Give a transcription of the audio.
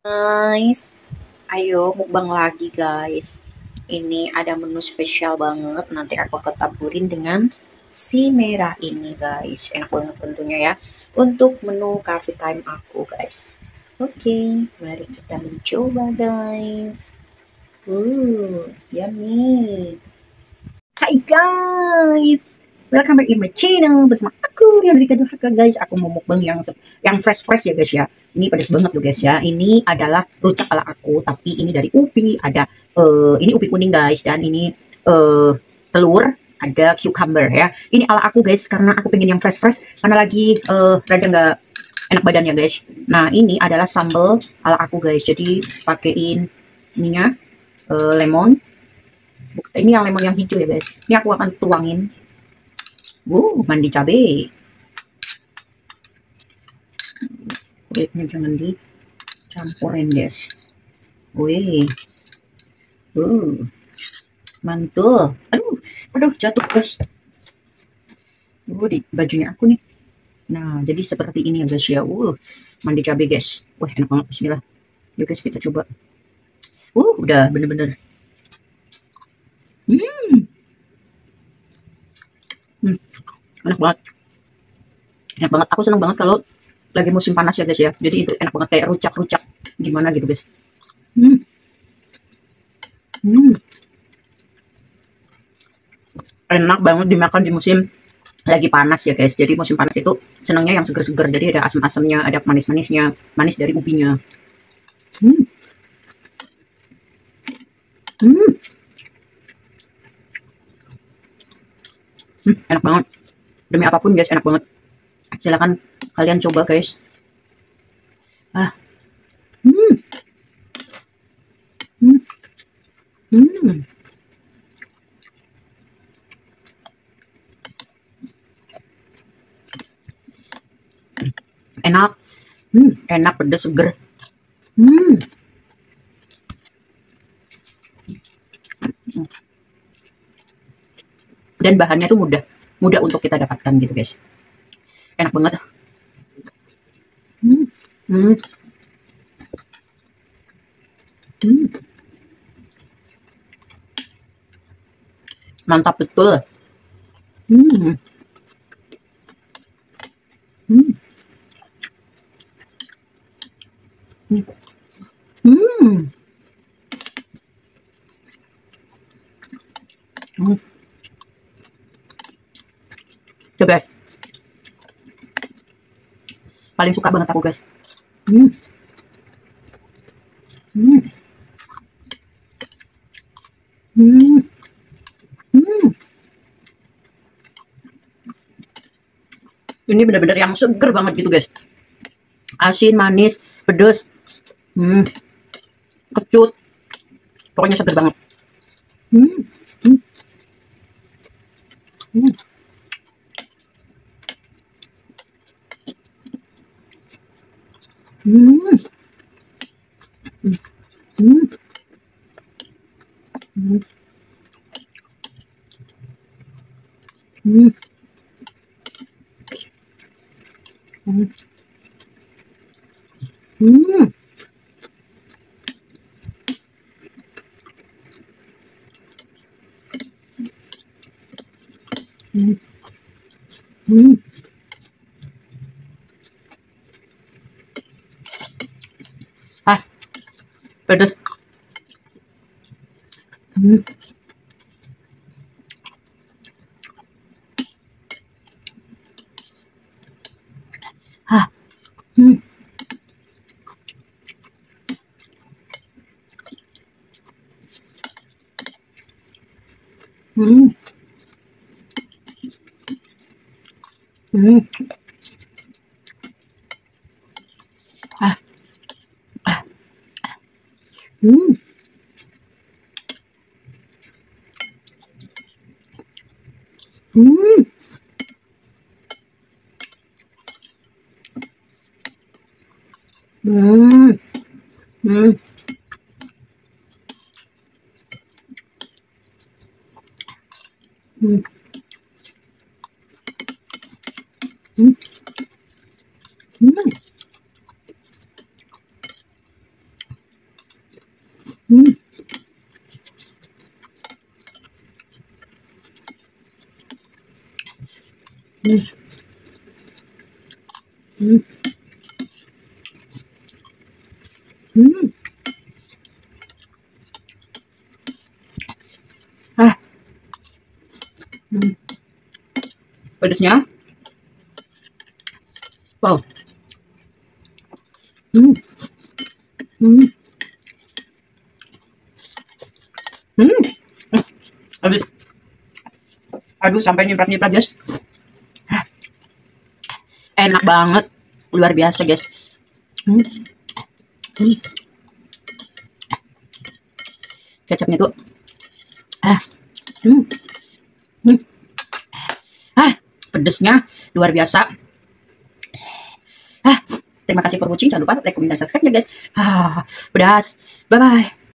guys ayo mukbang lagi guys ini ada menu spesial banget nanti aku ketaburin dengan si merah ini guys enak banget tentunya ya untuk menu coffee time aku guys oke okay, mari kita mencoba guys uh yummy hi guys welcome back in my channel bersama yang dari kedua guys aku mau mukbang yang yang fresh fresh ya guys ya ini pedas banget loh guys ya ini adalah rujak ala aku tapi ini dari ubi ada uh, ini ubi kuning guys dan ini uh, telur ada cucumber ya ini ala aku guys karena aku pengen yang fresh fresh karena lagi uh, rada nggak enak badannya guys nah ini adalah sambal ala aku guys jadi pakaiin minyak uh, lemon ini yang lemon yang hijau ya guys ini aku akan tuangin Wow, mandi cabai. kulitnya jangan dicampurin guys wih uh, mantul aduh aduh jatuh guys uh, di bajunya aku nih nah jadi seperti ini ya guys ya uh, mandi cabai guys wah enak banget bismillah yuk guys kita coba uh udah bener-bener hmm. hmm enak banget enak banget aku seneng banget kalau lagi musim panas ya guys ya jadi itu enak banget kayak rucak-rucak gimana gitu guys hmm. Hmm. enak banget dimakan di musim lagi panas ya guys jadi musim panas itu senangnya yang seger-seger jadi ada asam-asamnya ada manis-manisnya manis dari ubinya hmm. Hmm. hmm enak banget demi apapun guys enak banget silakan Kalian coba guys. Ah. Hmm. Hmm. Hmm. Enak. Hmm, enak pedas seger. Hmm. Dan bahannya tuh mudah, mudah untuk kita dapatkan gitu guys. Enak banget. Hmm. Hmm. Mantap betul. Hmm. Hmm. Hmm. Hmm. The best. Paling suka banget aku, guys. Hmm. Hmm. Hmm. Ini benar-benar yang seger banget gitu, guys. Asin, manis, pedes. Hmm. Kecut. Pokoknya seger banget. Hmm. Hmm. Hmm. Mm. Hmm. But just mm. ah. Mm. Mm. Mm. Mm. Hmm. pedasnya wow hmm hmm hmm habis aduh sampai nyiprat-nyiprat guys enak banget luar biasa guys hmm. Hmm. kecapnya tuh ah hmm pedesnya luar biasa ah, terima kasih for watching jangan lupa like, komen, dan subscribe ya guys ah, pedas bye bye